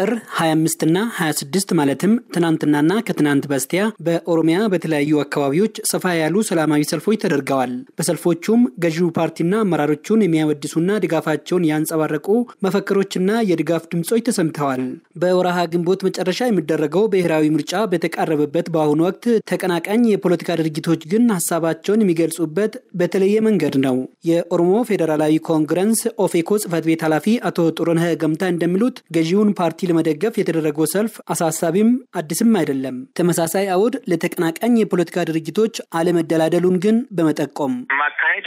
ጥር 25 እና 26 ማለትም ትናንትናና ከትናንት በስቲያ በኦሮሚያ በተለያዩ አካባቢዎች ሰፋ ያሉ ሰላማዊ ሰልፎች ተደርገዋል። በሰልፎቹም ገዢው ፓርቲና አመራሮቹን የሚያወድሱና ድጋፋቸውን ያንጸባረቁ መፈክሮችና የድጋፍ ድምፆች ተሰምተዋል። በወረሃ ግንቦት መጨረሻ የሚደረገው ብሔራዊ ምርጫ በተቃረበበት በአሁኑ ወቅት ተቀናቃኝ የፖለቲካ ድርጅቶች ግን ሀሳባቸውን የሚገልጹበት በተለየ መንገድ ነው። የኦሮሞ ፌዴራላዊ ኮንግረንስ ኦፌኮ ጽህፈት ቤት ኃላፊ አቶ ጥሩነህ ገምታ እንደሚሉት ገዢውን ፓርቲ ለመደገፍ የተደረገው ሰልፍ አሳሳቢም አዲስም አይደለም። ተመሳሳይ አውድ ለተቀናቃኝ የፖለቲካ ድርጅቶች አለመደላደሉን ግን በመጠቆም ማካሄድ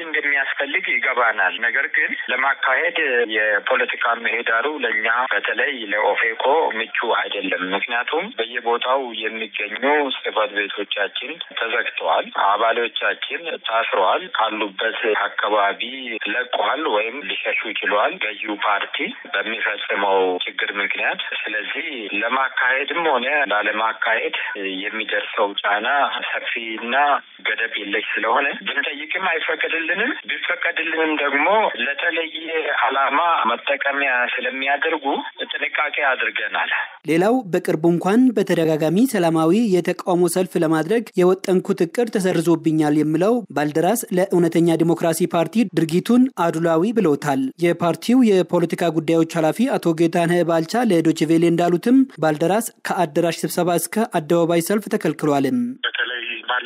እንደሚያስፈልግ ይገባናል። ነገር ግን ለማካሄድ የፖለቲካ ምህዳሩ ለእኛ በተለይ ለኦፌኮ ምቹ አይደለም። ምክንያቱም በየቦታው የሚገኙ ጽህፈት ቤቶቻችን ተዘግተዋል፣ አባሎቻችን ታስረዋል፣ ካሉበት አካባቢ ለቋል ወይም ሊሸሹ ችሏል ገዢው ፓርቲ በሚፈጽመው ችግር ምክንያት። ስለዚህ ለማካሄድም ሆነ ላለማካሄድ የሚደርሰው ጫና ሰፊና ገደብ የለሽ ስለሆነ ብንጠይቅም አይፈቀድልንም። ቢፈቀድልንም ደግሞ ለተለየ ዓላማ መጠቀሚያ ስለሚያደርጉ ጥንቃቄ አድርገናል። ሌላው በቅርቡ እንኳን በተደጋጋሚ ሰላማዊ የተቃውሞ ሰልፍ ለማድረግ የወጠንኩት እቅድ ተሰርዞብኛል የምለው ባልደራስ ለእውነተኛ ዲሞክራሲ ፓርቲ ድርጊቱን አድሏዊ ብለውታል። የፓርቲው የፖለቲካ ጉዳዮች ኃላፊ አቶ ጌታነህ ባልቻ ለዶችቬሌ እንዳሉትም ባልደራስ ከአዳራሽ ስብሰባ እስከ አደባባይ ሰልፍ ተከልክሏልም።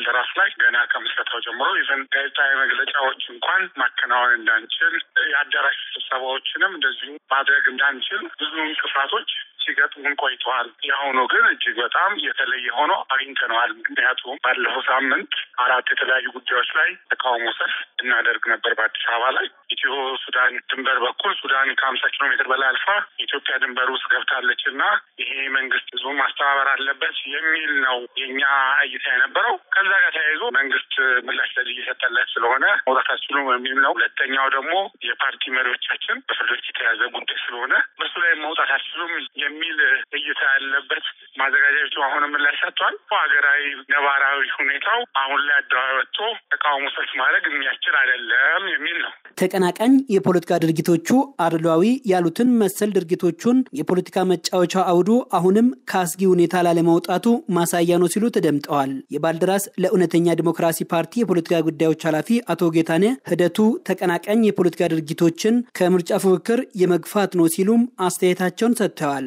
በራስ ላይ ገና ከምስረታው ጀምሮ ይዘን ጋዜጣዊ መግለጫዎች እንኳን ማከናወን እንዳንችል፣ የአዳራሽ ስብሰባዎችንም እንደዚሁ ማድረግ እንዳንችል ብዙ እንቅፋቶች ሲገጥሙን ቆይተዋል። የአሁኑ ግን እጅግ በጣም የተለየ ሆኖ አግኝተነዋል። ምክንያቱም ባለፈው ሳምንት አራት የተለያዩ ጉዳዮች ላይ ተቃውሞ ሰልፍ እናደርግ ነበር በአዲስ አበባ ላይ ኢትዮ ሱዳን ድንበር በኩል ሱዳን ከሀምሳ ኪሎ ሜትር በላይ አልፋ ኢትዮጵያ ድንበር ውስጥ ገብታለች እና ይሄ መንግስት ህዝቡ ማስተባበር አለበት የሚል ነው የኛ እይታ የነበረው። ከዛ ጋር ተያይዞ መንግስት ምላሽ ለዚህ እየሰጠለት ስለሆነ መውጣት አስችሉም የሚል ነው። ሁለተኛው ደግሞ የፓርቲ መሪዎቻችን በፍርዶች የተያዘ ጉዳይ ስለሆነ በሱ ላይ መውጣት አስችሉም የሚል የሚል እይታ ያለበት ማዘጋጃዎቹ አሁንም ላይ ሰጥቷል። ሀገራዊ ነባራዊ ሁኔታው አሁን ላይ አደባባይ ወጥቶ ተቃውሞ ሰልፍ ማድረግ የሚያስችል አይደለም የሚል ነው። ተቀናቃኝ የፖለቲካ ድርጊቶቹ አድሏዊ ያሉትን መሰል ድርጊቶቹን የፖለቲካ መጫወቻ አውዱ አሁንም ከአስጊ ሁኔታ ላለመውጣቱ ማሳያ ነው ሲሉ ተደምጠዋል። የባልደራስ ለእውነተኛ ዲሞክራሲ ፓርቲ የፖለቲካ ጉዳዮች ኃላፊ አቶ ጌታነ ሂደቱ ተቀናቃኝ የፖለቲካ ድርጊቶችን ከምርጫ ፉክክር የመግፋት ነው ሲሉም አስተያየታቸውን ሰጥተዋል።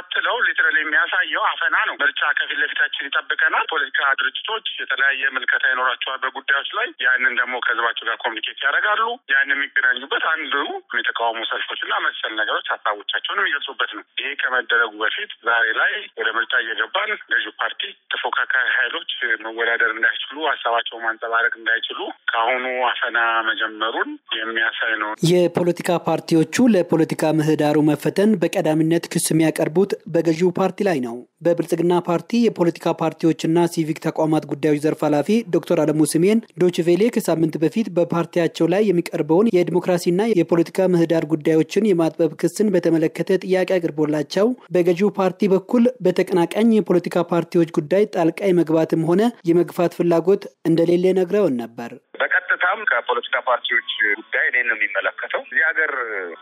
የሚያጣጥለው ሊትራሊ የሚያሳየው አፈና ነው። ምርጫ ከፊት ለፊታችን ይጠብቀናል። ፖለቲካ ድርጅቶች የተለያየ ምልከታ ይኖራቸዋል በጉዳዮች ላይ ያንን ደግሞ ከህዝባቸው ጋር ኮሚኒኬት ያደርጋሉ። ያንን የሚገናኙበት አንዱ የተቃውሞ ሰልፎችና መሰል ነገሮች ሀሳቦቻቸውን የሚገልጹበት ነው። ይሄ ከመደረጉ በፊት ዛሬ ላይ ወደ ምርጫ እየገባን ገዢው ፓርቲ ተፎካካሪ ኃይሎች መወዳደር እንዳይችሉ ሀሳባቸው ማንጸባረቅ እንዳይችሉ ከአሁኑ አፈና መጀመሩን የሚያሳይ ነው። የፖለቲካ ፓርቲዎቹ ለፖለቲካ ምህዳሩ መፈተን በቀዳሚነት ክስ የሚያቀርቡት በገዢው ፓርቲ ላይ ነው። በብልጽግና ፓርቲ የፖለቲካ ፓርቲዎችና ሲቪክ ተቋማት ጉዳዮች ዘርፍ ኃላፊ ዶክተር አለሙ ስሜን ዶችቬሌ ከሳምንት በፊት በፓርቲያቸው ላይ የሚቀርበውን የዲሞክራሲና የፖለቲካ ምህዳር ጉዳዮችን የማጥበብ ክስን በተመለከተ ጥያቄ አቅርቦላቸው በገዢው ፓርቲ በኩል በተቀናቃኝ የፖለቲካ ፓርቲዎች ጉዳይ ጣልቃ የመግባትም ሆነ የመግፋት ፍላጎት እንደሌለ ነግረውን ነበር። በቀጥታም ከፖለቲካ ፓርቲዎች ጉዳይ እኔ ነው የሚመለከተው። እዚህ ሀገር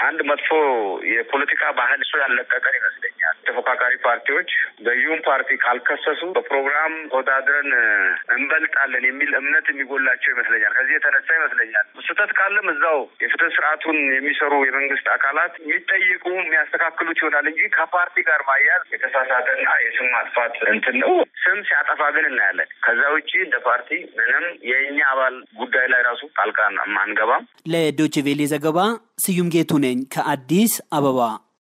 አንድ መጥፎ የፖለቲካ ባህል እሱ ያለቀቀን ይመስለኛል። ተፎካካሪ ፓርቲዎች ገዢውን ፓርቲ ካልከሰሱ በፕሮግራም ተወዳድረን እንበልጣለን የሚል እምነት የሚጎላቸው ይመስለኛል። ከዚህ የተነሳ ይመስለኛል ስህተት ካለም እዛው የፍትህ ስርዓቱን የሚሰሩ የመንግስት አካላት የሚጠይቁ የሚያስተካክሉት ይሆናል እንጂ ከፓርቲ ጋር ማያዝ የተሳሳተና የስም ማጥፋት እንትን ነው። ስም ሲያጠፋ ግን እናያለን። ከዛ ውጭ እንደ ፓርቲ ምንም የእኛ አባል ጉዳይ ላይ ራሱ ጣልቃ አንገባም። ለዶችቬሌ ዘገባ ስዩም ጌቱ ነኝ ከአዲስ አበባ